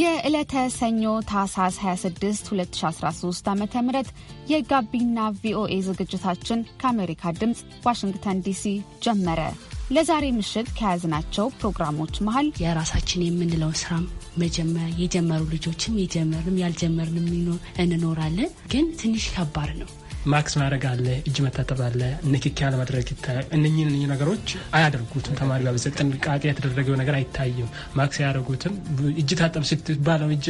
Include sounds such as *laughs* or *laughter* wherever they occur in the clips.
የዕለተ ሰኞ ታህሳስ 26 2013 ዓ ም የጋቢና ቪኦኤ ዝግጅታችን ከአሜሪካ ድምፅ ዋሽንግተን ዲሲ ጀመረ። ለዛሬ ምሽት ከያዝናቸው ፕሮግራሞች መሀል የራሳችን የምንለው ስራም መጀመር የጀመሩ ልጆችም የጀመርንም ያልጀመርንም እንኖራለን። ግን ትንሽ ከባድ ነው ማክስ ማድረግ አለ፣ እጅ መታጠብ አለ፣ ንክኪ አለማድረግ ይታያል። እነኚህ እነኚህ ነገሮች አያደርጉትም። ተማሪ በብዘ ጥንቃቄ የተደረገው ነገር አይታይም። ማክስ ያደረጉትም እጅ ታጠብ ስትባለው እጅ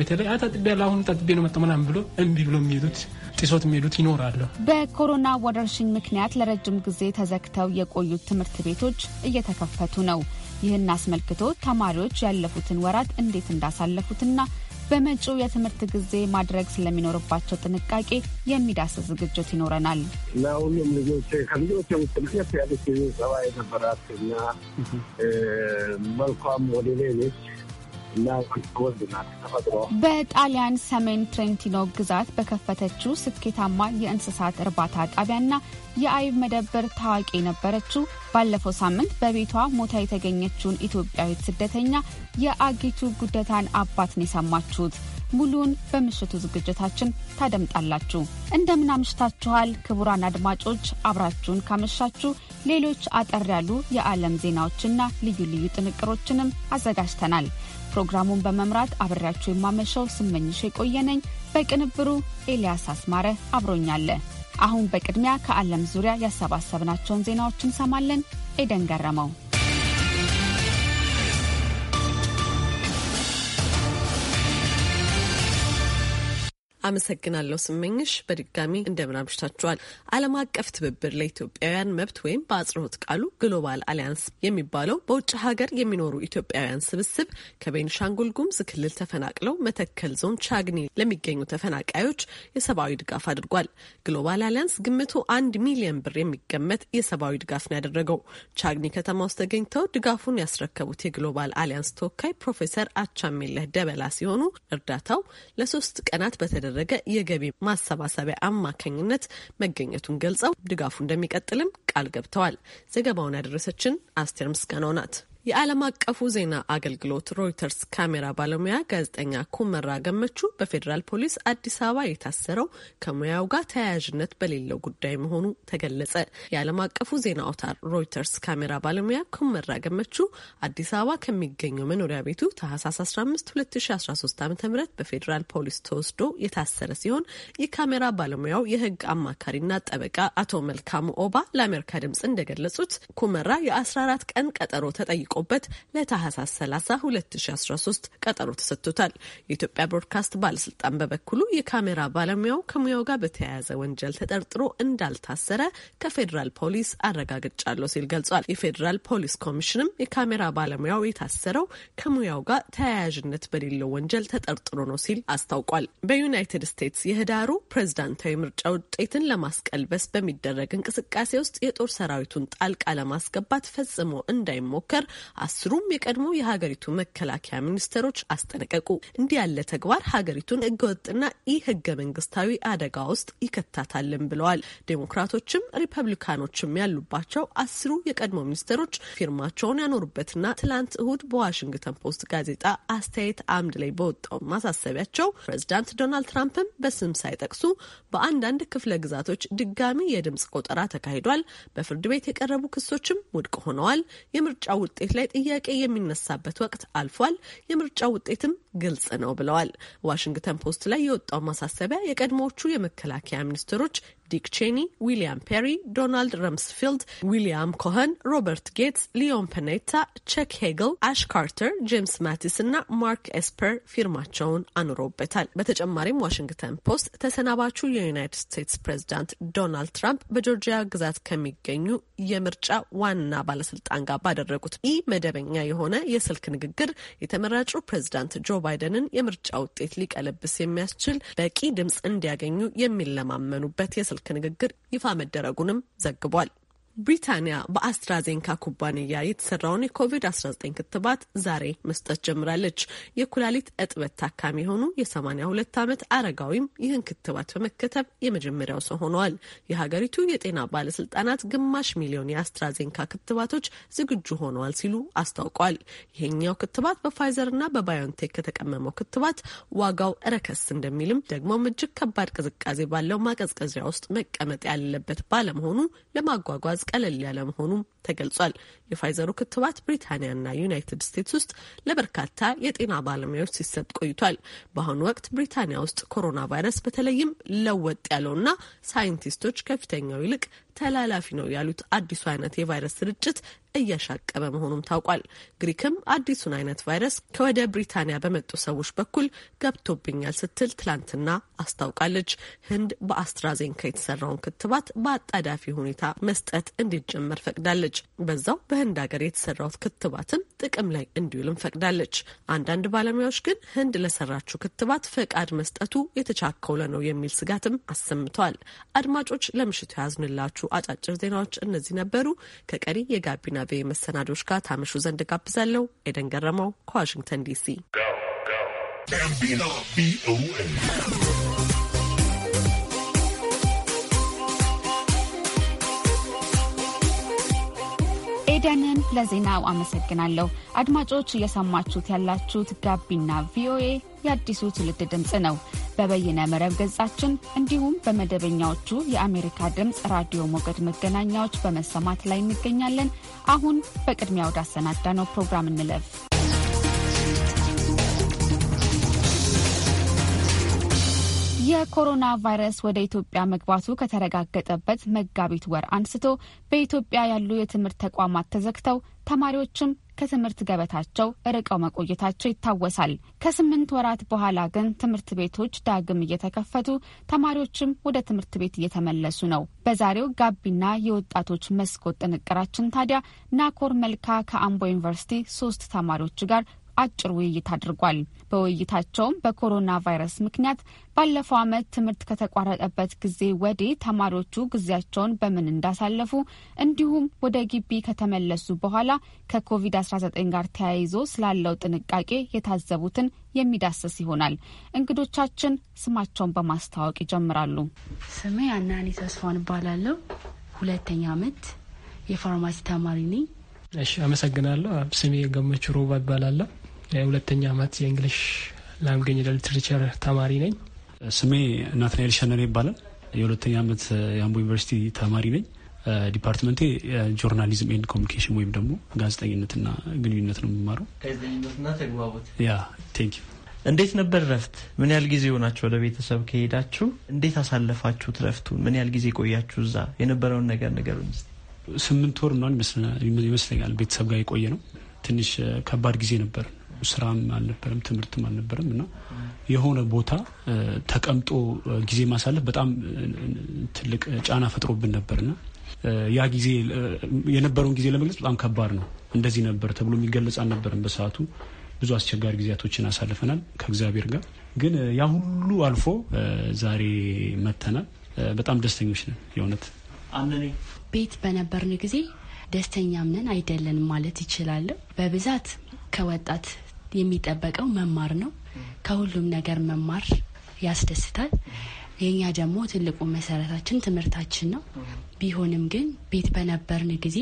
ቤት ላይ አታጥቤ ያለ ለአሁኑ ጠጥቤ ነው መጣሁ ብሎ እምቢ ብሎ የሚሄዱት ጥሶት የሚሄዱት ይኖራሉ። በኮሮና ወረርሽኝ ምክንያት ለረጅም ጊዜ ተዘግተው የቆዩት ትምህርት ቤቶች እየተከፈቱ ነው። ይህን አስመልክቶ ተማሪዎች ያለፉትን ወራት እንዴት እንዳሳለፉትና በመጪው የትምህርት ጊዜ ማድረግ ስለሚኖርባቸው ጥንቃቄ የሚዳስስ ዝግጅት ይኖረናል። ለሁሉም ልጆች ከልጆች ውስጥ ለየት ያለች ሰባ የነበራት እና መልኳም ወደ ሌሎች በጣሊያን ሰሜን ትሬንቲኖ ግዛት በከፈተችው ስኬታማ የእንስሳት እርባታ ጣቢያና የአይብ መደብር ታዋቂ የነበረችው ባለፈው ሳምንት በቤቷ ሞታ የተገኘችውን ኢትዮጵያዊት ስደተኛ የአጊቱ ጉደታን አባትን የሰማችሁት ሙሉውን በምሽቱ ዝግጅታችን ታደምጣላችሁ። እንደምን ክቡራን አድማጮች። አብራችሁን ካመሻችሁ ሌሎች አጠር ያሉ የዓለም ዜናዎችና ልዩ ልዩ ጥንቅሮችንም አዘጋጅተናል። ፕሮግራሙን በመምራት አብሬያችሁ የማመሸው ስመኝሽ የቆየነኝ፣ በቅንብሩ ኤልያስ አስማረ አብሮኛለ። አሁን በቅድሚያ ከዓለም ዙሪያ ያሰባሰብናቸውን ዜናዎች እንሰማለን። ኤደን ገረመው አመሰግናለሁ ስመኝሽ። በድጋሚ እንደምን አምሽታችኋል። ዓለም አቀፍ ትብብር ለኢትዮጵያውያን መብት ወይም በአጽንኦት ቃሉ ግሎባል አሊያንስ የሚባለው በውጭ ሀገር የሚኖሩ ኢትዮጵያውያን ስብስብ ከቤንሻንጉል ጉምዝ ክልል ተፈናቅለው መተከል ዞን ቻግኒ ለሚገኙ ተፈናቃዮች የሰብአዊ ድጋፍ አድርጓል። ግሎባል አሊያንስ ግምቱ አንድ ሚሊዮን ብር የሚገመት የሰብአዊ ድጋፍ ነው ያደረገው። ቻግኒ ከተማ ውስጥ ተገኝተው ድጋፉን ያስረከቡት የግሎባል አሊያንስ ተወካይ ፕሮፌሰር አቻሜለህ ደበላ ሲሆኑ እርዳታው ለሶስት ቀናት በተደረ በተደረገ የገቢ ማሰባሰቢያ አማካኝነት መገኘቱን ገልጸው ድጋፉ እንደሚቀጥልም ቃል ገብተዋል። ዘገባውን ያደረሰችን አስቴር ምስጋናው ናት። የዓለም አቀፉ ዜና አገልግሎት ሮይተርስ ካሜራ ባለሙያ ጋዜጠኛ ኩመራ ገመቹ በፌዴራል ፖሊስ አዲስ አበባ የታሰረው ከሙያው ጋር ተያያዥነት በሌለው ጉዳይ መሆኑ ተገለጸ። የዓለም አቀፉ ዜና አውታር ሮይተርስ ካሜራ ባለሙያ ኩመራ ገመቹ አዲስ አበባ ከሚገኘው መኖሪያ ቤቱ ታህሳስ 15 2013 ዓ ም በፌዴራል ፖሊስ ተወስዶ የታሰረ ሲሆን የካሜራ ባለሙያው የህግ አማካሪና ጠበቃ አቶ መልካሙ ኦባ ለአሜሪካ ድምጽ እንደገለጹት ኩመራ የ14 ቀን ቀጠሮ ተጠይቆ ተጠብቆበት ለታህሳስ 30 2013 ቀጠሮ ተሰጥቶታል። የኢትዮጵያ ብሮድካስት ባለስልጣን በበኩሉ የካሜራ ባለሙያው ከሙያው ጋር በተያያዘ ወንጀል ተጠርጥሮ እንዳልታሰረ ከፌዴራል ፖሊስ አረጋግጫለሁ ሲል ገልጿል። የፌዴራል ፖሊስ ኮሚሽንም የካሜራ ባለሙያው የታሰረው ከሙያው ጋር ተያያዥነት በሌለው ወንጀል ተጠርጥሮ ነው ሲል አስታውቋል። በዩናይትድ ስቴትስ የህዳሩ ፕሬዝዳንታዊ ምርጫ ውጤትን ለማስቀልበስ በሚደረግ እንቅስቃሴ ውስጥ የጦር ሰራዊቱን ጣልቃ ለማስገባት ፈጽሞ እንዳይሞከር አስሩም የቀድሞ የሀገሪቱ መከላከያ ሚኒስትሮች አስጠነቀቁ። እንዲህ ያለ ተግባር ሀገሪቱን ህገወጥና ኢ ህገ መንግስታዊ አደጋ ውስጥ ይከታታልን ብለዋል። ዴሞክራቶችም ሪፐብሊካኖችም ያሉባቸው አስሩ የቀድሞ ሚኒስትሮች ፊርማቸውን ያኖሩበትና ትላንት እሁድ በዋሽንግተን ፖስት ጋዜጣ አስተያየት አምድ ላይ በወጣው ማሳሰቢያቸው ፕሬዚዳንት ዶናልድ ትራምፕም በስም ሳይጠቅሱ በአንዳንድ ክፍለ ግዛቶች ድጋሚ የድምፅ ቆጠራ ተካሂዷል፣ በፍርድ ቤት የቀረቡ ክሶችም ውድቅ ሆነዋል፣ የምርጫ ውጤት ላይ ጥያቄ የሚነሳበት ወቅት አልፏል፣ የምርጫ ውጤትም ግልጽ ነው ብለዋል። ዋሽንግተን ፖስት ላይ የወጣው ማሳሰቢያ የቀድሞዎቹ የመከላከያ ሚኒስትሮች ዲክ ቼኒ፣ ዊሊያም ፔሪ፣ ዶናልድ ረምስፊልድ፣ ዊሊያም ኮኸን፣ ሮበርት ጌትስ፣ ሊዮን ፐኔታ፣ ቸክ ሄግል፣ አሽ ካርተር፣ ጄምስ ማቲስ እና ማርክ ኤስፐር ፊርማቸውን አኑረውበታል። በተጨማሪም ዋሽንግተን ፖስት ተሰናባቹ የዩናይትድ ስቴትስ ፕሬዚዳንት ዶናልድ ትራምፕ በጆርጂያ ግዛት ከሚገኙ የምርጫ ዋና ባለስልጣን ጋር ባደረጉት ኢ መደበኛ የሆነ የስልክ ንግግር የተመራጩ ፕሬዚዳንት ጆ ባይደንን የምርጫ ውጤት ሊቀለብስ የሚያስችል በቂ ድምፅ እንዲያገኙ የሚለማመኑበት የስልክ ስልክ ንግግር ይፋ መደረጉንም ዘግቧል። ብሪታንያ በአስትራዜንካ ኩባንያ የተሰራውን የኮቪድ-19 ክትባት ዛሬ መስጠት ጀምራለች። የኩላሊት እጥበት ታካሚ የሆኑ የ82 ዓመት አረጋዊም ይህን ክትባት በመከተብ የመጀመሪያው ሰው ሆነዋል። የሀገሪቱ የጤና ባለስልጣናት ግማሽ ሚሊዮን የአስትራዜንካ ክትባቶች ዝግጁ ሆነዋል ሲሉ አስታውቋል። ይሄኛው ክትባት በፋይዘርና በባዮንቴክ ከተቀመመው ክትባት ዋጋው ረከስ እንደሚልም ደግሞ እጅግ ከባድ ቅዝቃዜ ባለው ማቀዝቀዣ ውስጥ መቀመጥ ያለበት ባለመሆኑ ለማጓጓዝ ቀለል ያለ መሆኑም ተገልጿል። የፋይዘሩ ክትባት ብሪታንያና ዩናይትድ ስቴትስ ውስጥ ለበርካታ የጤና ባለሙያዎች ሲሰጥ ቆይቷል። በአሁኑ ወቅት ብሪታንያ ውስጥ ኮሮና ቫይረስ በተለይም ለወጥ ያለውና ሳይንቲስቶች ከፊተኛው ይልቅ ተላላፊ ነው ያሉት አዲሱ አይነት የቫይረስ ስርጭት እያሻቀበ መሆኑም ታውቋል። ግሪክም አዲሱን አይነት ቫይረስ ከወደ ብሪታንያ በመጡ ሰዎች በኩል ገብቶብኛል ስትል ትላንትና አስታውቃለች። ህንድ በአስትራዜንካ የተሰራውን ክትባት በአጣዳፊ ሁኔታ መስጠት እንዲጀመር ፈቅዳለች። ፈቅዳለች። በዛው በህንድ ሀገር የተሰራውት ክትባትም ጥቅም ላይ እንዲውልም ፈቅዳለች። አንዳንድ ባለሙያዎች ግን ህንድ ለሰራችው ክትባት ፈቃድ መስጠቱ የተቻኮለ ነው የሚል ስጋትም አሰምተዋል። አድማጮች፣ ለምሽቱ የያዝንላችሁ አጫጭር ዜናዎች እነዚህ ነበሩ። ከቀሪ የጋቢና ቬ መሰናዶች ጋር ታመሹ ዘንድ ጋብዛለሁ። ኤደን ገረመው ከዋሽንግተን ዲሲ እንግዳንን ለዜናው አመሰግናለሁ። አድማጮች እየሰማችሁት ያላችሁት ጋቢና ቪኦኤ የአዲሱ ትውልድ ድምፅ ነው። በበይነ መረብ ገጻችን እንዲሁም በመደበኛዎቹ የአሜሪካ ድምፅ ራዲዮ ሞገድ መገናኛዎች በመሰማት ላይ እንገኛለን። አሁን በቅድሚያ ወዳሰናዳ ነው ፕሮግራም እንለፍ። የኮሮና ቫይረስ ወደ ኢትዮጵያ መግባቱ ከተረጋገጠበት መጋቢት ወር አንስቶ በኢትዮጵያ ያሉ የትምህርት ተቋማት ተዘግተው ተማሪዎችም ከትምህርት ገበታቸው ርቀው መቆየታቸው ይታወሳል። ከስምንት ወራት በኋላ ግን ትምህርት ቤቶች ዳግም እየተከፈቱ ተማሪዎችም ወደ ትምህርት ቤት እየተመለሱ ነው። በዛሬው ጋቢና የወጣቶች መስኮት ጥንቅራችን ታዲያ ናኮር መልካ ከአምቦ ዩኒቨርሲቲ ሶስት ተማሪዎች ጋር አጭር ውይይት አድርጓል። በውይይታቸውም በኮሮና ቫይረስ ምክንያት ባለፈው ዓመት ትምህርት ከተቋረጠበት ጊዜ ወዲህ ተማሪዎቹ ጊዜያቸውን በምን እንዳሳለፉ እንዲሁም ወደ ግቢ ከተመለሱ በኋላ ከኮቪድ-19 ጋር ተያይዞ ስላለው ጥንቃቄ የታዘቡትን የሚዳስስ ይሆናል። እንግዶቻችን ስማቸውን በማስተዋወቅ ይጀምራሉ። ስሜ አናኒ ተስፋን እባላለሁ። ሁለተኛ ዓመት የፋርማሲ ተማሪ ነኝ። እሺ፣ አመሰግናለሁ። ስሜ ገመች ሮባ እባላለሁ። የሁለተኛ ዓመት የእንግሊሽ ላንጉጅ ሊትሬቸር ተማሪ ነኝ። ስሜ ናትናኤል ሸነኔ ይባላል። የሁለተኛ ዓመት የአምቦ ዩኒቨርሲቲ ተማሪ ነኝ። ዲፓርትመንቴ ጆርናሊዝም ኤንድ ኮሚኒኬሽን ወይም ደግሞ ጋዜጠኝነትና ግንኙነት ነው የምማረው። ጋዜጠኝነትና ተግባቦት። ያ ቴንክ ዩ። እንዴት ነበር ረፍት? ምን ያህል ጊዜ ሆናችሁ ወደ ቤተሰብ ከሄዳችሁ? እንዴት አሳለፋችሁት ረፍቱን? ምን ያህል ጊዜ ቆያችሁ እዛ? የነበረውን ነገር ነገር ስምንት ወር ምናምን ይመስለኛል ቤተሰብ ጋር የቆየ ነው። ትንሽ ከባድ ጊዜ ነበር። ስራም አልነበረም፣ ትምህርትም አልነበረም እና የሆነ ቦታ ተቀምጦ ጊዜ ማሳለፍ በጣም ትልቅ ጫና ፈጥሮብን ነበርና ያ ጊዜ የነበረውን ጊዜ ለመግለጽ በጣም ከባድ ነው። እንደዚህ ነበር ተብሎ የሚገለጽ አልነበረም በሰዓቱ። ብዙ አስቸጋሪ ጊዜያቶችን አሳልፈናል ከእግዚአብሔር ጋር። ግን ያ ሁሉ አልፎ ዛሬ መተናል። በጣም ደስተኞች ነን። የእውነት ቤት በነበርን ጊዜ ደስተኛም ነን ማለት ይችላለሁ። በብዛት ከወጣት የሚጠበቀው መማር ነው። ከሁሉም ነገር መማር ያስደስታል። የእኛ ደግሞ ትልቁ መሰረታችን ትምህርታችን ነው። ቢሆንም ግን ቤት በነበርን ጊዜ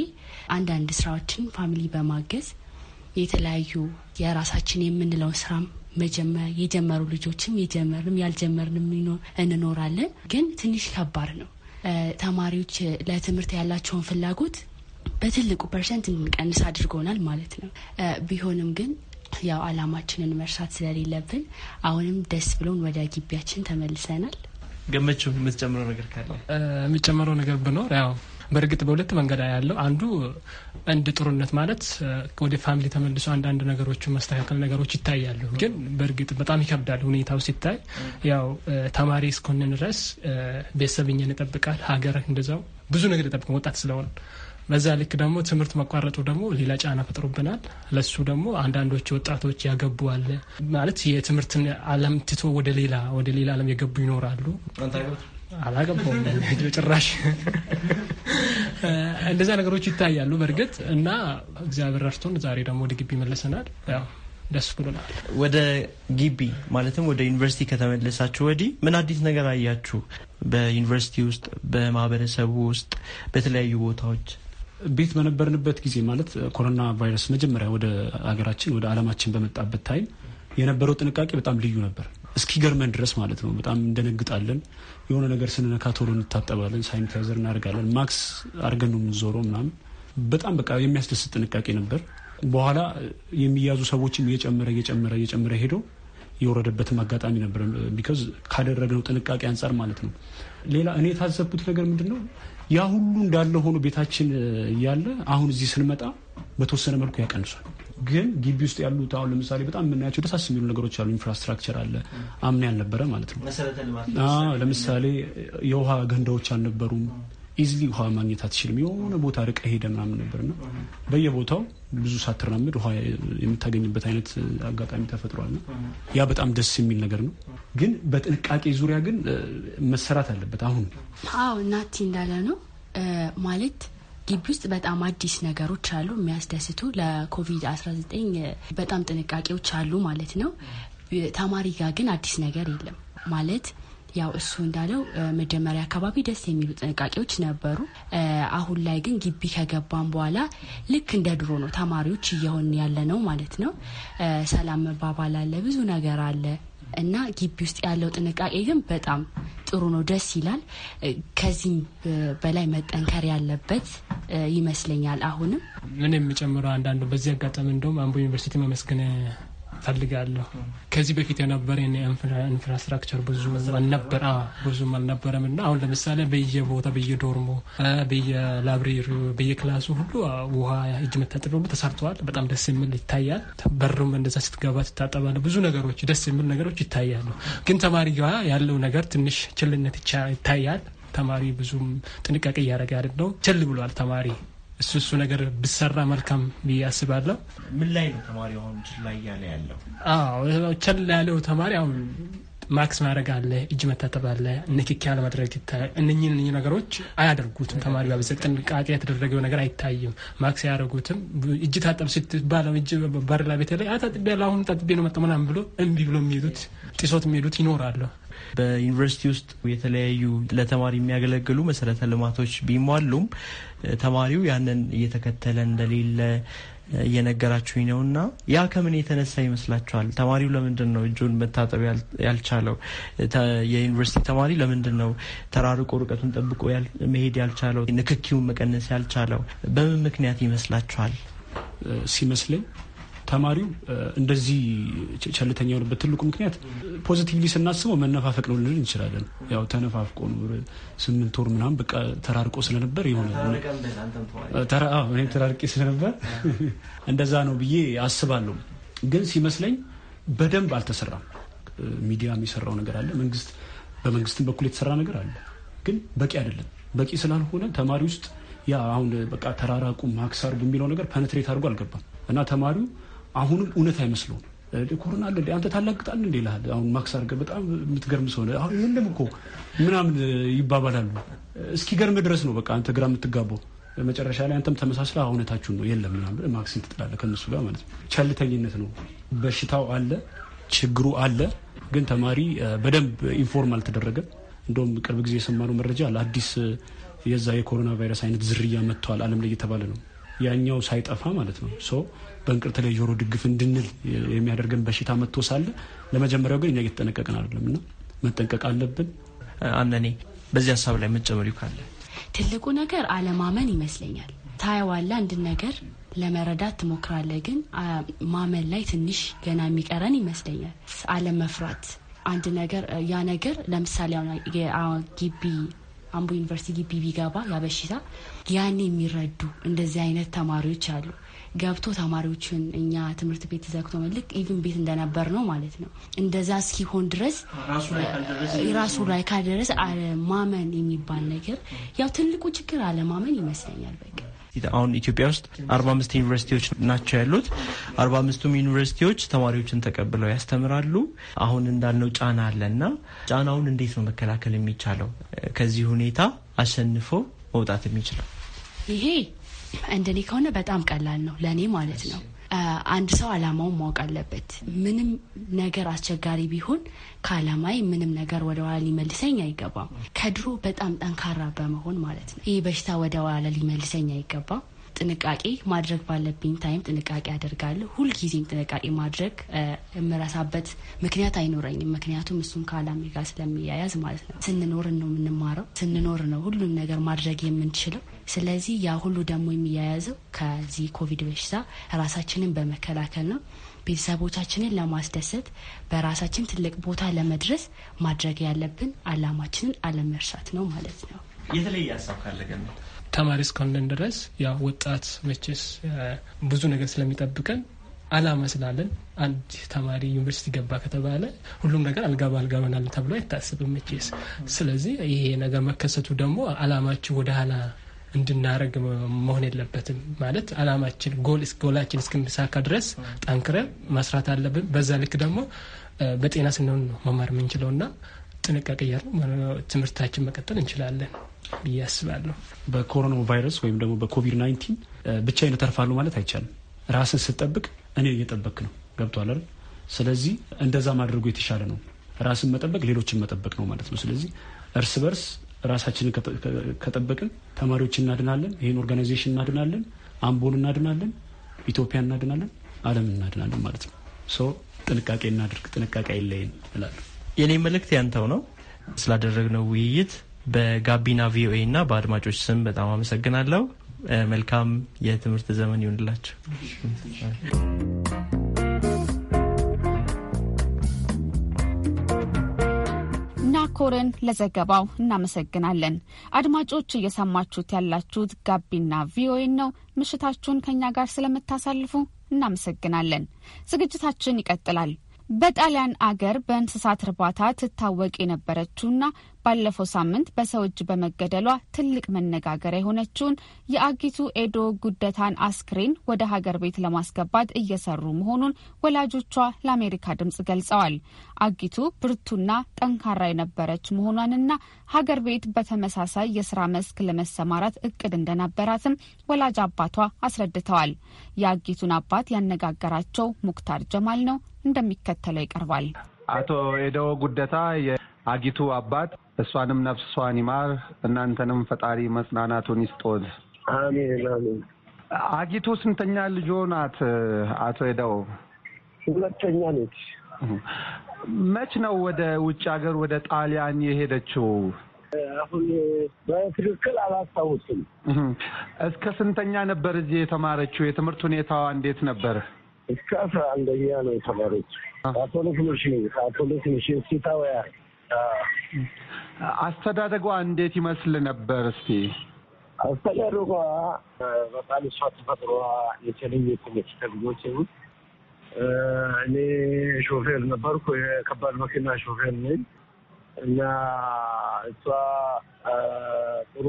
አንዳንድ ስራዎችን ፋሚሊ በማገዝ የተለያዩ የራሳችን የምንለው ስራም መጀመር የጀመሩ ልጆችም የጀመርንም ያልጀመርንም እንኖራለን። ግን ትንሽ ከባድ ነው። ተማሪዎች ለትምህርት ያላቸውን ፍላጎት በትልቁ ፐርሰንት እንድንቀንስ አድርጎናል ማለት ነው። ቢሆንም ግን ያው አላማችንን መርሳት ስለሌለብን አሁንም ደስ ብሎን ወደ ግቢያችን ተመልሰናል። ገመችው የምትጨምረው ነገር ካለ? የምትጨምረው ነገር ብኖር ያው በእርግጥ በሁለት መንገድ ያለው አንዱ እንደ ጥሩነት ማለት ወደ ፋሚሊ ተመልሶ አንዳንድ ነገሮች መስተካከል ነገሮች ይታያሉ። ግን በእርግጥ በጣም ይከብዳል ሁኔታው ሲታይ። ያው ተማሪ እስኮንን ድረስ ቤተሰብኛን ይጠብቃል፣ ሀገር እንደዛው ብዙ ነገር ይጠብቃል። ወጣት ስለሆነ በዛ ልክ ደግሞ ትምህርት መቋረጡ ደግሞ ሌላ ጫና ፈጥሮብናል። ለሱ ደግሞ አንዳንዶች ወጣቶች ያገቡ አለ ማለት የትምህርትን ዓለም ትቶ ወደ ሌላ ወደ ሌላ ዓለም የገቡ ይኖራሉ። አላገባውም ጭራሽ *laughs* እንደዛ ነገሮች ይታያሉ በእርግጥ እና እግዚአብሔር ረድቶን ዛሬ ደግሞ ወደ ግቢ መለሰናል። ደስ ብሎናል። ወደ ግቢ ማለትም ወደ ዩኒቨርሲቲ ከተመለሳችሁ ወዲህ ምን አዲስ ነገር አያችሁ? በዩኒቨርሲቲ ውስጥ፣ በማህበረሰቡ ውስጥ፣ በተለያዩ ቦታዎች ቤት በነበርንበት ጊዜ ማለት ኮሮና ቫይረስ መጀመሪያ ወደ ሀገራችን ወደ አለማችን በመጣበት ታይም የነበረው ጥንቃቄ በጣም ልዩ ነበር። እስኪገርመን ድረስ ማለት ነው። በጣም እንደነግጣለን። የሆነ ነገር ስንነካ ቶሎ እንታጠባለን፣ ሳኒታይዘር እናደርጋለን፣ ማክስ አድርገን ነው የምንዞረው ምናምን። በጣም በቃ የሚያስደስት ጥንቃቄ ነበር። በኋላ የሚያዙ ሰዎችም እየጨመረ እየጨመረ እየጨመረ ሄዶ የወረደበትም አጋጣሚ ነበር፣ ቢካዝ ካደረግነው ጥንቃቄ አንጻር ማለት ነው። ሌላ እኔ የታዘብኩት ነገር ምንድን ነው ያ ሁሉ እንዳለ ሆኖ ቤታችን እያለ አሁን እዚህ ስንመጣ በተወሰነ መልኩ ያቀንሷል። ግን ግቢ ውስጥ ያሉት አሁን ለምሳሌ በጣም የምናያቸው ደሳስ የሚሉ ነገሮች አሉ። ኢንፍራስትራክቸር አለ፣ አምና ያልነበረ ማለት ነው። ለምሳሌ የውሃ ገንዳዎች አልነበሩም። ኢዝሊ ውሃ ማግኘት አትችልም። የሆነ ቦታ ርቀ ሄደ ምናምን ነበርና በየቦታው ብዙ ሳትራምድ ውሃ የምታገኝበት አይነት አጋጣሚ ተፈጥሯልና ያ በጣም ደስ የሚል ነገር ነው። ግን በጥንቃቄ ዙሪያ ግን መሰራት አለበት። አሁን አዎ ናቲ እንዳለ ነው ማለት ግቢ ውስጥ በጣም አዲስ ነገሮች አሉ የሚያስደስቱ። ለኮቪድ-19 በጣም ጥንቃቄዎች አሉ ማለት ነው። ተማሪ ጋር ግን አዲስ ነገር የለም ማለት ያው እሱ እንዳለው መጀመሪያ አካባቢ ደስ የሚሉ ጥንቃቄዎች ነበሩ። አሁን ላይ ግን ግቢ ከገባን በኋላ ልክ እንደ ድሮ ነው ተማሪዎች እየሆን ያለ ነው ማለት ነው። ሰላም መባባል አለ፣ ብዙ ነገር አለ። እና ግቢ ውስጥ ያለው ጥንቃቄ ግን በጣም ጥሩ ነው፣ ደስ ይላል። ከዚህ በላይ መጠንከር ያለበት ይመስለኛል። አሁንም ምን የሚጨምረው አንዳንዱ በዚህ አጋጣሚ እንደውም አምቦ ዩኒቨርሲቲ መመስገን ፈልጋለሁ። ከዚህ በፊት የነበረ ኢንፍራስትራክቸር ብዙ አልነበረ ብዙም አልነበረም እና አሁን ለምሳሌ በየቦታ በየዶርሞ፣ በየላብሬሪ በየክላሱ ሁሉ ውሃ እጅ መታጠብ ሁሉ ተሰርተዋል። በጣም ደስ የሚል ይታያል። በሩም እንደዛ ስትገባ ትታጠባለ። ብዙ ነገሮች ደስ የሚል ነገሮች ይታያሉ። ግን ተማሪ ጋ ያለው ነገር ትንሽ ችልነት ይታያል። ተማሪ ብዙም ጥንቃቄ እያደረገ አይደለው። ችል ብሏል ተማሪ እሱ እሱ ነገር ብሰራ መልካም ብዬ አስባለሁ። ምን ላይ ነው ተማሪ አሁን ችላ እያለ ያለው? አዎ ችላ ያለው ተማሪ አሁን ማክስ ማድረግ አለ፣ እጅ መታጠብ አለ፣ ንክኪ ያለማድረግ ይታያል። እነኝን እነኝህ ነገሮች አያደርጉትም። ተማሪ በብዛት ጥንቃቄ የተደረገው ነገር አይታይም። ማክስ አያደርጉትም። እጅ ታጠብ ስትባለው እጅ በርላ ቤት ላይ አታጥቤ አሁን ታጥቤ ነው መጠመናም ብሎ እምቢ ብሎ የሚሄዱት ጢሶት የሚሄዱት ይኖራሉ። በዩኒቨርሲቲ ውስጥ የተለያዩ ለተማሪ የሚያገለግሉ መሰረተ ልማቶች ቢሟሉም ተማሪው ያንን እየተከተለ እንደሌለ እየነገራችሁኝ ነው። እና ያ ከምን የተነሳ ይመስላችኋል? ተማሪው ለምንድን ነው እጁን መታጠብ ያልቻለው? የዩኒቨርሲቲ ተማሪ ለምንድን ነው ተራርቆ ርቀቱን ጠብቆ መሄድ ያልቻለው? ንክኪውን መቀነስ ያልቻለው በምን ምክንያት ይመስላችኋል? ሲመስለኝ ተማሪው እንደዚህ ቸልተኛ የሆነበት ትልቁ ምክንያት ፖዚቲቭሊ ስናስበው መነፋፈቅ ነው ልንል እንችላለን። ያው ተነፋፍቆ ነው ስምንት ወር ምናምን በቃ ተራርቆ ስለነበር የሆነ ተራርቄ ስለነበር *laughs* እንደዛ ነው ብዬ አስባለሁ። ግን ሲመስለኝ በደንብ አልተሰራም። ሚዲያ የሚሰራው ነገር አለ፣ መንግስት በመንግስትም በኩል የተሰራ ነገር አለ። ግን በቂ አይደለም። በቂ ስላልሆነ ተማሪ ውስጥ ያ አሁን በቃ ተራራቁ ማክሳር የሚለው ነገር ፐነትሬት አድርጎ አልገባም እና ተማሪው አሁንም እውነት አይመስለውም። ኮሮና አለ አንተ ታላግጣል እንዴ ላል አሁን ማክስ አድርገህ በጣም የምትገርም ሰው ነህ፣ አሁን የለም እኮ ምናምን ይባባላሉ። እስኪገርም ድረስ ነው በቃ አንተ ግራ የምትጋባው። መጨረሻ ላይ አንተም ተመሳስለ እውነታችሁን ነው የለም ምናምን ማክስን ትጥላለህ ከእነሱ ጋር ማለት ነው። ቸልተኝነት ነው። በሽታው አለ፣ ችግሩ አለ። ግን ተማሪ በደንብ ኢንፎርም አልተደረገም። እንደውም ቅርብ ጊዜ የሰማነው መረጃ ለአዲስ የዛ የኮሮና ቫይረስ አይነት ዝርያ መጥተዋል አለም ላይ እየተባለ ነው ያኛው ሳይጠፋ ማለት ነው። ሶ በእንቅርት ላይ ጆሮ ድግፍ እንድንል የሚያደርገን በሽታ መጥቶ ሳለ ለመጀመሪያው ግን እኛ እየተጠነቀቅን አይደለም እና መጠንቀቅ አለብን። አነኔ በዚህ ሀሳብ ላይ መጨመሪው ካለ ትልቁ ነገር አለማመን ይመስለኛል። ታየዋለህ አንድን ነገር ለመረዳት ትሞክራለ፣ ግን ማመን ላይ ትንሽ ገና የሚቀረን ይመስለኛል። አለመፍራት አንድ ነገር ያ ነገር ለምሳሌ ግቢ አምቦ ዩኒቨርሲቲ ግቢ ቢገባ ያ ያኔ የሚረዱ እንደዚህ አይነት ተማሪዎች አሉ። ገብቶ ተማሪዎችን እኛ ትምህርት ቤት ዘግቶ መልክ ኢቭን ቤት እንደነበር ነው ማለት ነው። እንደዛ እስኪሆን ድረስ ራሱ ላይ ካልደረስ አለማመን የሚባል ነገር ያው ትልቁ ችግር አለማመን ይመስለኛል በቃ አሁን ኢትዮጵያ ውስጥ አርባ አምስት ዩኒቨርሲቲዎች ናቸው ያሉት። አርባ አምስቱም ዩኒቨርሲቲዎች ተማሪዎችን ተቀብለው ያስተምራሉ። አሁን እንዳልነው ጫና አለና ጫናውን እንዴት ነው መከላከል የሚቻለው? ከዚህ ሁኔታ አሸንፎ መውጣት የሚችለው ይሄ እንደኔ ከሆነ በጣም ቀላል ነው ለእኔ ማለት ነው። አንድ ሰው አላማውን ማወቅ አለበት። ምንም ነገር አስቸጋሪ ቢሆን ከአላማ ምንም ነገር ወደ ኋላ ሊመልሰኝ አይገባም። ከድሮ በጣም ጠንካራ በመሆን ማለት ነው። ይህ በሽታ ወደ ኋላ ሊመልሰኝ አይገባም። ጥንቃቄ ማድረግ ባለብኝ ታይም ጥንቃቄ አደርጋለሁ። ሁልጊዜም ጥንቃቄ ማድረግ የምረሳበት ምክንያት አይኖረኝም። ምክንያቱም እሱን ከአላሚ ጋር ስለሚያያዝ ማለት ነው። ስንኖር ነው የምንማረው፣ ስንኖር ነው ሁሉን ነገር ማድረግ የምንችለው። ስለዚህ ያ ሁሉ ደግሞ የሚያያዘው ከዚህ ኮቪድ በሽታ ራሳችንን በመከላከል ነው። ቤተሰቦቻችንን ለማስደሰት በራሳችን ትልቅ ቦታ ለመድረስ ማድረግ ያለብን አላማችንን አለመርሳት ነው ማለት ነው። የተለየ ሀሳብ ካለ ተማሪ እስከሆንን ድረስ ያ ወጣት መቼስ ብዙ ነገር ስለሚጠብቀን አላማ ስላለን አንድ ተማሪ ዩኒቨርሲቲ ገባ ከተባለ ሁሉም ነገር አልጋ በአልጋ ይሆናል ተብሎ አይታስብም መቼስ። ስለዚህ ይሄ ነገር መከሰቱ ደግሞ አላማችን ወደ ኋላ እንድናረግ መሆን የለበትም ማለት አላማችን ጎል ጎላችን እስክንሳካ ድረስ ጠንክረ መስራት አለብን። በዛ ልክ ደግሞ በጤና ስንሆን ነው መማር የምንችለውና ጥንቃቄ ትምህርታችን መቀጠል እንችላለን ብዬ አስባለሁ። በኮሮና ቫይረስ ወይም ደግሞ በኮቪድ ናይንቲን ብቻዬን እተርፋለሁ ማለት አይቻልም። ራስን ስጠብቅ እኔ እየጠበክ ነው። ገብቷል አይደል? ስለዚህ እንደዛ ማድረጉ የተሻለ ነው። ራስን መጠበቅ ሌሎችን መጠበቅ ነው ማለት ነው። ስለዚህ እርስ በርስ ራሳችንን ከጠበቅን ተማሪዎችን እናድናለን፣ ይህን ኦርጋናይዜሽን እናድናለን፣ አምቦን እናድናለን፣ ኢትዮጵያ እናድናለን፣ ዓለም እናድናለን ማለት ነው። ሶ ጥንቃቄ እናድርግ፣ ጥንቃቄ አይለይን እላለሁ። የኔ መልእክት ያንተው ነው። ስላደረግነው ውይይት በጋቢና ቪኦኤ እና በአድማጮች ስም በጣም አመሰግናለሁ። መልካም የትምህርት ዘመን ይሆንላቸው። ናኮርን ለዘገባው እናመሰግናለን። አድማጮች እየሰማችሁት ያላችሁት ጋቢና ቪኦኤ ነው። ምሽታችሁን ከእኛ ጋር ስለምታሳልፉ እናመሰግናለን። ዝግጅታችን ይቀጥላል። በጣሊያን አገር በእንስሳት እርባታ ትታወቅ የነበረችውና ባለፈው ሳምንት በሰው እጅ በመገደሏ ትልቅ መነጋገሪያ የሆነችውን የአጊቱ ኤዶ ጉደታን አስክሬን ወደ ሀገር ቤት ለማስገባት እየሰሩ መሆኑን ወላጆቿ ለአሜሪካ ድምጽ ገልጸዋል። አጊቱ ብርቱና ጠንካራ የነበረች መሆኗንና ሀገር ቤት በተመሳሳይ የስራ መስክ ለመሰማራት እቅድ እንደነበራትም ወላጅ አባቷ አስረድተዋል። የአጊቱን አባት ያነጋገራቸው ሙክታር ጀማል ነው፣ እንደሚከተለው ይቀርባል። አቶ ኤዶ ጉደታ አጊቱ አባት እሷንም ነፍሷን ይማር፣ እናንተንም ፈጣሪ መጽናናቱን ይስጦት። አሜን አሜን። አጊቱ ስንተኛ ልጆ ናት አቶ ሄደው? ሁለተኛ ነች። መች ነው ወደ ውጭ ሀገር ወደ ጣሊያን የሄደችው? አሁን በትክክል አላስታውስም። እስከ ስንተኛ ነበር እዚህ የተማረችው? የትምህርት ሁኔታዋ እንዴት ነበር? እስከ አስራ አንደኛ ነው የተማረችው። ካቶሊክ ሚሽን ካቶሊክ ሚሽን ሲታውያ አስተዳደጓ እንዴት ይመስል ነበር? እስቲ አስተዳደጓ በጣም እሷ ተፈጥሮ የተለየ ትንሽ ተግቦች እኔ ሾፌር ነበርኩ፣ የከባድ መኪና ሾፌር ነኝ እና እሷ ጥሩ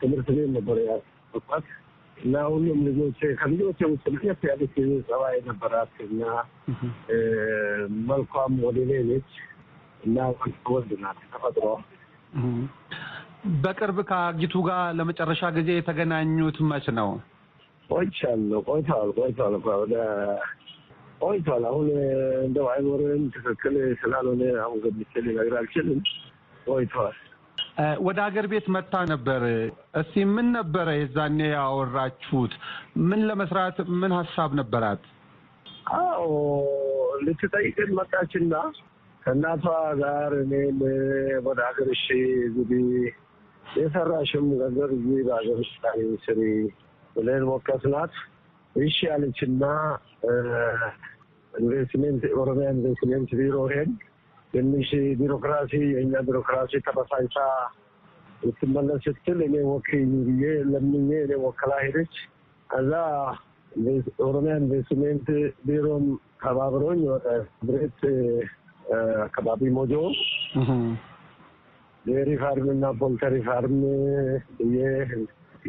ትምህርት ቤት ነበር ያስጠቋት እና ሁሉም ልጆች ከልጆች ውስጥ ልጆች ያለች ጸባይ ነበራት እና መልኳም ወደ ሌሎች እና ወልድ ናት ተፈጥሮ በቅርብ ከአጊቱ ጋር ለመጨረሻ ጊዜ የተገናኙት መች ነው? ቆይቻለሁ። ቆይተዋል ቆይተዋል ወደ ቆይተዋል። አሁን እንደው አይኖርም ትክክል ስላልሆነ አሁን ገምቼ ልነግርህ አልችልም። ቆይተዋል። ወደ ሀገር ቤት መታ ነበር። እስቲ ምን ነበረ የዛኔ ያወራችሁት? ምን ለመስራት ምን ሀሳብ ነበራት? አዎ ልትጠይቅን መጣችና ከእናቷ ጋር እኔም ወደ ሀገር እሺ እንግዲህ የሰራሽም ገንዘብ እዚህ በሀገር ውስጥ ስሪ ብለን ወቀስናት። እሺ ያለችና ኢንቨስትሜንት ኦሮሚያ ኢንቨስትሜንት ቢሮ ሄድ ትንሽ ቢሮክራሲ የእኛ ቢሮክራሲ ተበሳጭታ ልትመለስ ስትል እኔ ወክኝ ብዬ ለምኜ እኔ ወከላ ሄደች። ከዛ ኦሮሚያ ኢንቨስትሜንት ቢሮም ተባብሮኝ ወደ ብሬት አካባቢ ሞጆ ዴሪ ፋርም እና ፖልተሪ ፋርም ብዬ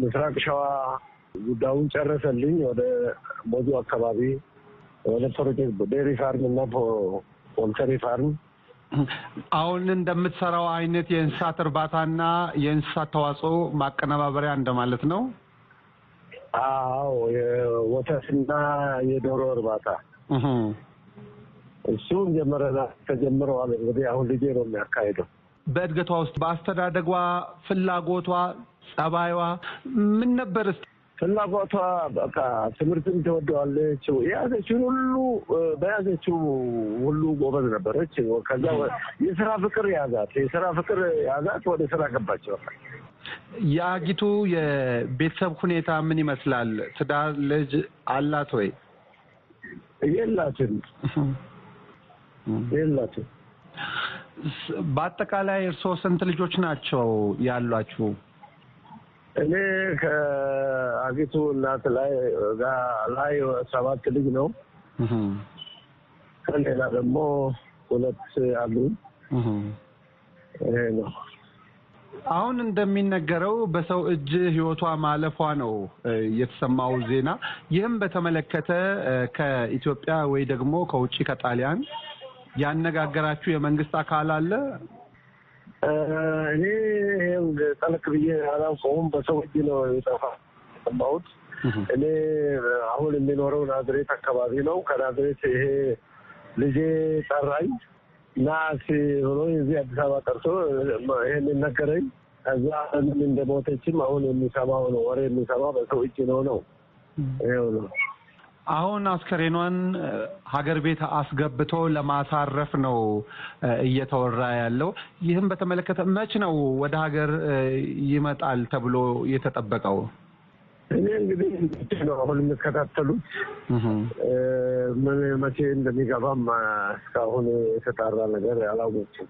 ምስራቅ ሸዋ ጉዳዩን ጨረሰልኝ። ወደ ሞጆ አካባቢ ወደ ፕሮጀክት ዴሪ ፋርም እና ፖልተሪ ፋርም አሁን እንደምትሰራው አይነት የእንስሳት እርባታና የእንስሳት ተዋጽኦ ማቀነባበሪያ እንደማለት ነው። አዎ፣ የወተትና የዶሮ እርባታ እሱም ጀመረና ተጀምረዋል። እንግዲህ አሁን ልጄ ነው የሚያካሄደው። በእድገቷ ውስጥ በአስተዳደጓ፣ ፍላጎቷ፣ ጸባይዋ ምን ነበር? ፍላጎቷ በቃ ትምህርትም ትወደዋለች። የያዘችውን ሁሉ በያዘችው ሁሉ ጎበዝ ነበረች። ከዛ የስራ ፍቅር ያዛት፣ የስራ ፍቅር ያዛት። ወደ ስራ ገባች። የአጊቱ የቤተሰብ ሁኔታ ምን ይመስላል? ትዳር ልጅ አላት ወይ የላትም? የላቸው። በአጠቃላይ እርስዎ ስንት ልጆች ናቸው ያሏችሁ? እኔ ከአጊቱ እናት ላይ ላይ ሰባት ልጅ ነው። ከሌላ ደግሞ ሁለት አሉ። ይሄ ነው። አሁን እንደሚነገረው በሰው እጅ ሕይወቷ ማለፏ ነው የተሰማው ዜና። ይህም በተመለከተ ከኢትዮጵያ ወይ ደግሞ ከውጭ ከጣሊያን ያነጋገራችሁ የመንግስት አካል አለ? እኔ ጠለቅ ብዬ አላውቀውም። በሰው እጅ ነው የጠፋ ሰማሁት። እኔ አሁን የሚኖረው ናዝሬት አካባቢ ነው። ከናዝሬት ይሄ ልጄ ጠራኝ እና ብሎ የዚህ አዲስ አበባ ጠርቶ ይሄን ነገረኝ። ከዛ ምን እንደሞተችም አሁን የሚሰማው ነው ወሬ የሚሰማው በሰው እጅ ነው ነው ይኸው ነው። አሁን አስከሬኗን ሀገር ቤት አስገብቶ ለማሳረፍ ነው እየተወራ ያለው። ይህም በተመለከተ መች ነው ወደ ሀገር ይመጣል ተብሎ የተጠበቀው? እኔ እንግዲህ ነው አሁን የምትከታተሉት ምን መቼ እንደሚገባም እስካሁን የተጣራ ነገር አላወቅም።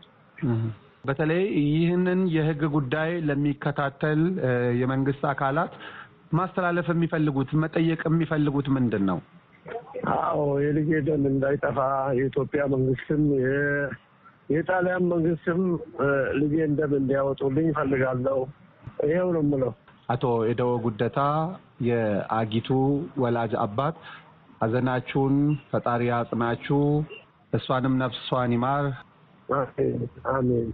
በተለይ ይህንን የህግ ጉዳይ ለሚከታተል የመንግስት አካላት ማስተላለፍ የሚፈልጉት መጠየቅ የሚፈልጉት ምንድን ነው? አዎ የልጄ ደም እንዳይጠፋ የኢትዮጵያ መንግስትም የጣሊያን መንግስትም ልጄን ደም እንዲያወጡልኝ ይፈልጋለው ይሄው ነው የምለው። አቶ የደወ ጉደታ የአጊቱ ወላጅ አባት፣ ሀዘናችሁን ፈጣሪ ያጽናችሁ፣ እሷንም ነፍሷን ይማር። አሜን አሜን።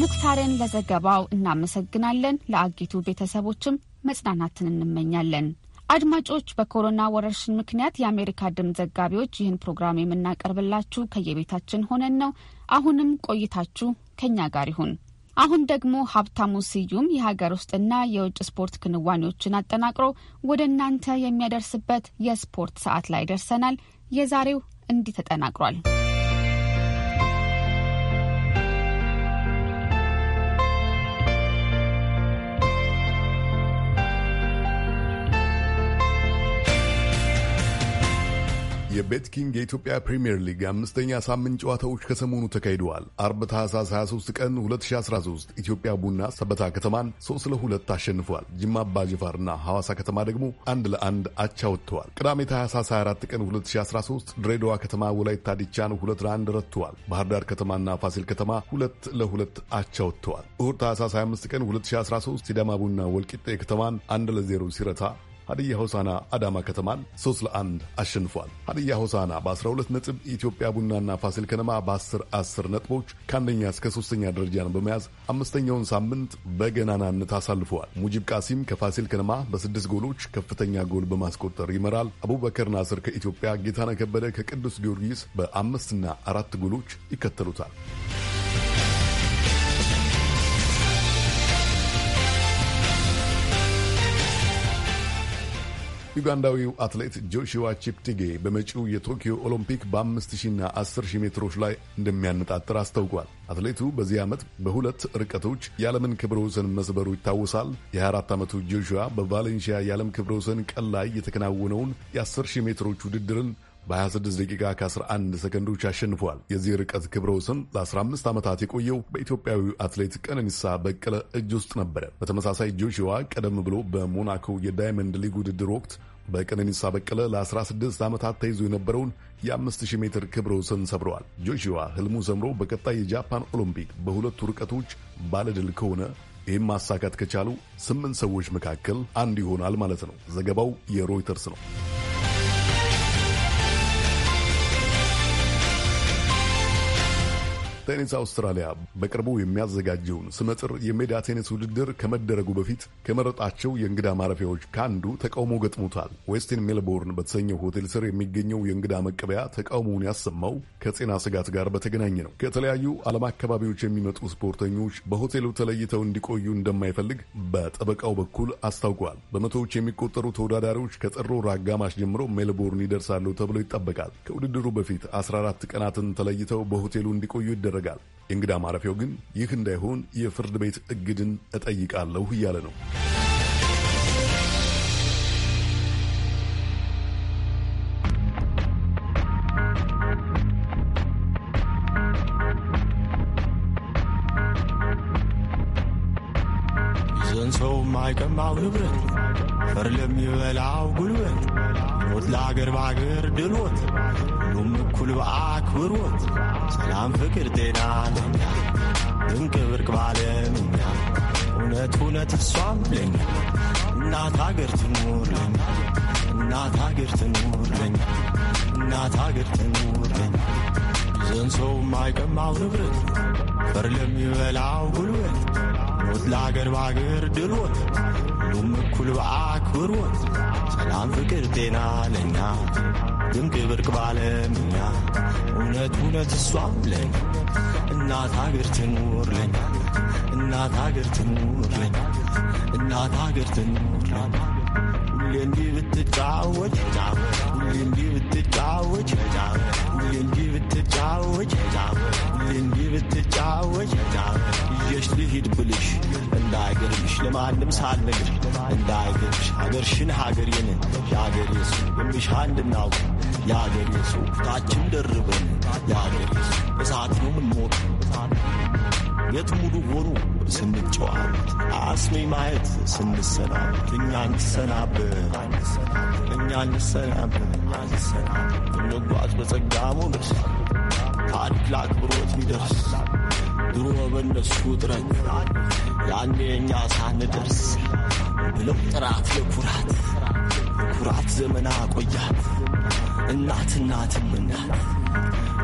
ሙክታርን ለዘገባው እናመሰግናለን። ለአጊቱ ቤተሰቦችም መጽናናትን እንመኛለን። አድማጮች፣ በኮሮና ወረርሽኝ ምክንያት የአሜሪካ ድምፅ ዘጋቢዎች ይህን ፕሮግራም የምናቀርብላችሁ ከየቤታችን ሆነን ነው። አሁንም ቆይታችሁ ከኛ ጋር ይሁን። አሁን ደግሞ ሀብታሙ ስዩም የሀገር ውስጥና የውጭ ስፖርት ክንዋኔዎችን አጠናቅሮ ወደ እናንተ የሚያደርስበት የስፖርት ሰዓት ላይ ደርሰናል። የዛሬው እንዲህ ተጠናቅሯል። የቤት ኪንግ የኢትዮጵያ ፕሪምየር ሊግ አምስተኛ ሳምንት ጨዋታዎች ከሰሞኑ ተካሂደዋል። አርብ ታህሳስ 23 ቀን 2013 ኢትዮጵያ ቡና ሰበታ ከተማን 3 ለ2 አሸንፏል። ጅማ ና ሐዋሳ ከተማ ደግሞ አንድ ለአንድ አቻ ወጥተዋል። ቅዳሜ ታህሳስ 24 ቀን 2013 ድሬዳዋ ከተማ ወላይታ ዲቻን 2 ለ1 ረትተዋል። ባህር ዳር ከተማና ፋሲል ከተማ 2 ለ2 አቻ ወጥተዋል። እሁድ ታህሳስ 25 ቀን 2013 ሲዳማ ቡና ወልቂጤ ከተማን 1 ለ0 ሲረታ ሀዲያ ሆሳና አዳማ ከተማን 3 ለአንድ አሸንፏል። ሀዲያ ሆሳና በ12 ነጥብ ኢትዮጵያ ቡናና ፋሲል ከነማ በ10 10 ነጥቦች ከአንደኛ እስከ ሶስተኛ ደረጃን በመያዝ አምስተኛውን ሳምንት በገናናነት አሳልፈዋል። ሙጂብ ቃሲም ከፋሲል ከነማ በስድስት ጎሎች ከፍተኛ ጎል በማስቆጠር ይመራል። አቡበከር ናስር ከኢትዮጵያ፣ ጌታነህ ከበደ ከቅዱስ ጊዮርጊስ በአምስትና አራት ጎሎች ይከተሉታል። ዩጋንዳዊው አትሌት ጆሽዋ ቺፕቲጌ በመጪው የቶኪዮ ኦሎምፒክ በ5000ና 10000 ሜትሮች ላይ እንደሚያነጣጥር አስታውቋል። አትሌቱ በዚህ ዓመት በሁለት ርቀቶች የዓለምን ክብረ ወሰን መስበሩ ይታወሳል። የ24 ዓመቱ ጆሽዋ በቫሌንሺያ የዓለም ክብረ ወሰን ቀን ላይ የተከናወነውን የ10000 ሜትሮች ውድድርን በ26 ደቂቃ ከ11 ሰከንዶች አሸንፏል። የዚህ ርቀት ክብረ ወሰን ለ15 ዓመታት የቆየው በኢትዮጵያዊ አትሌት ቀነኒሳ በቀለ እጅ ውስጥ ነበረ። በተመሳሳይ ጆሽዋ ቀደም ብሎ በሞናኮ የዳይመንድ ሊግ ውድድር ወቅት በቀነኒሳ በቀለ ለ16 ዓመታት ተይዞ የነበረውን የ5000 ሜትር ክብረ ወሰን ሰብረዋል። ጆሽዋ ህልሙ ሰምሮ በቀጣይ የጃፓን ኦሎምፒክ በሁለቱ ርቀቶች ባለድል ከሆነ ይህም ማሳካት ከቻሉ ስምንት ሰዎች መካከል አንዱ ይሆናል ማለት ነው። ዘገባው የሮይተርስ ነው። ቴኒስ አውስትራሊያ በቅርቡ የሚያዘጋጀውን ስመጥር የሜዳ ቴኒስ ውድድር ከመደረጉ በፊት ከመረጣቸው የእንግዳ ማረፊያዎች ከአንዱ ተቃውሞ ገጥሞታል። ዌስትን ሜልቦርን በተሰኘው ሆቴል ስር የሚገኘው የእንግዳ መቀበያ ተቃውሞውን ያሰማው ከጤና ስጋት ጋር በተገናኘ ነው። ከተለያዩ ዓለም አካባቢዎች የሚመጡ ስፖርተኞች በሆቴሉ ተለይተው እንዲቆዩ እንደማይፈልግ በጠበቃው በኩል አስታውቋል። በመቶዎች የሚቆጠሩ ተወዳዳሪዎች ከጥር ራጋማሽ አጋማሽ ጀምሮ ሜልቦርን ይደርሳሉ ተብሎ ይጠበቃል። ከውድድሩ በፊት 14 ቀናትን ተለይተው በሆቴሉ እንዲቆዩ ይደረ ይደረጋል። የእንግዳ ማረፊያው ግን ይህ እንዳይሆን የፍርድ ቤት እግድን እጠይቃለሁ እያለ ነው። ለማይቀማው ንብረት ፍር ለሚበላው ጉልበት ሞት ለአገር በአገር ድሎት ሁሉም እኩል በአክብሮት ሰላም፣ ፍቅር፣ ጤና ለኛ ድንቅ ብርቅ ባለም እውነት እውነት እሷም ለኛ እናት አገር ትኑር ለኛ እናት አገር ትኑር ለኛ እናት አገር ትኑር ለኛ ዘንድ የማይቀማው ንብረት ፍር ለሚበላው ጉልበት ሞት ለአገር በአገር ድልወት ሁሉም እኩል በአክብሮት ሰላም፣ ፍቅር፣ ጤና ለኛ ድንቅ ብርቅ ባለምኛ እውነት እውነት እሷም ለኛ እናት አገር ትኑር ለኛ እናት አገር ትኑር ለኛ እናት አገር ትኑር ለኛ ሁሌ እንዲህ ብትጫወት ጫወት እንዲህ ብትጫወች እንዲህ ብትጫወች እንዲህ ብትጫወች እየሽ ለማንም ሳልነግር እንዳይገርምሽ ሀገርሽን ሀገሬን የአገሬ ሰው የምልሽ አንድ እናውቅ የአገሬ ሰው ታችን ደርበን የአገሬ ሰው እሳት ነው ምንሞቅ የት ሙሉ ሆኑ ስንጨዋወት አስሜ ማየት ስንሰናበት እኛ እንሰናበት እኛ እንሰናበት እንጓዝ በጸጋሙ ደስ ታሪክ ለአክብሮት ሚደርስ ድሮ በነሱ ጥረት ያኔ እኛ ሳንደርስ ብለው ጥራት ለኩራት ኩራት ዘመና ቆያት እናት እናትም እናት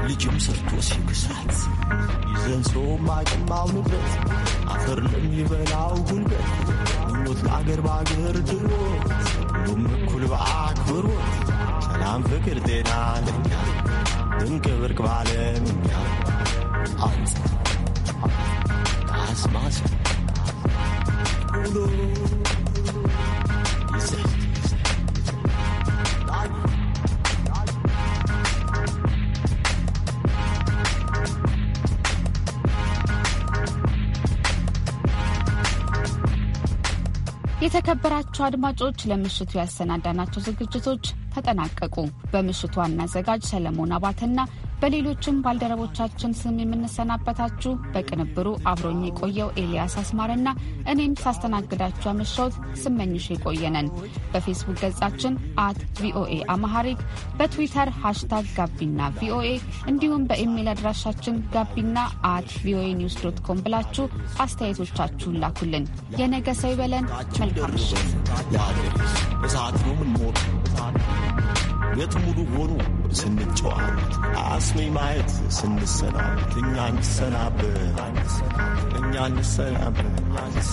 ልጅም ሰርቶ ሲክሳት ይዘን ሰው ማጭማው ንብረት አፈር ለሚበላው ጉልበት ሞት ለአገር በአገር ድሮ ሁሉም እኩል በአክብሮት ሰላም፣ ፍቅር፣ ጤና ለኛ ድንቅ ብርቅ ባለም እኛ አንጽ አስማስ የተከበራቸው አድማጮች ለምሽቱ ያሰናዳናቸው ዝግጅቶች ተጠናቀቁ። በምሽቱ ዋና አዘጋጅ ሰለሞን አባተና በሌሎችም ባልደረቦቻችን ስም የምንሰናበታችሁ በቅንብሩ አብሮኝ የቆየው ኤልያስ አስማርና እኔም ሳስተናግዳችሁ አመሻውት ስመኝሽ የቆየነን። በፌስቡክ ገጻችን አት ቪኦኤ አማሐሪክ በትዊተር ሃሽታግ ጋቢና ቪኦኤ እንዲሁም በኢሜይል አድራሻችን ጋቢና አት ቪኦኤ ኒውስ ዶት ኮም ብላችሁ አስተያየቶቻችሁን ላኩልን። የነገ ሰው ይበለን። መልካም የት ሙሉ ሆኑ ስንጨዋወት አስሜ ማየት ስንሰናበት እኛ እንሰናበት እኛ እንሰናበት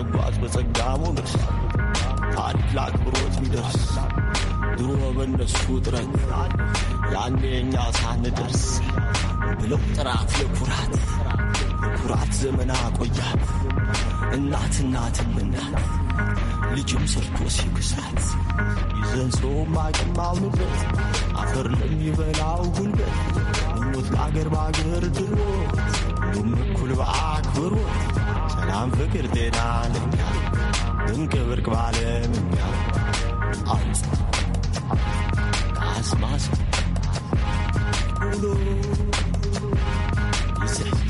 እንጓዝ በጸጋ ደርስ ታላቅ ብሮት ይደርስ ድሮ በነሱ ጥረት ያኔ እኛ ሳንደርስ ብለው ጥራት ለኩራት ኩራት ዘመና ቆያት እናት እናትም እናት ልጅም ሰርቶ ሲክሳት ይዘን ሰው ማቅማው አፈር ለሚበላው ጉልበት ምኞት ለአገር በአገር ድሮ ሁሉም እኩል በአክብሮ ሰላም፣ ፍቅር፣ ጤና ለኛ ድንቅ ብርቅ ባለምኛ አውጥ አስማስ ውሎ ይዘ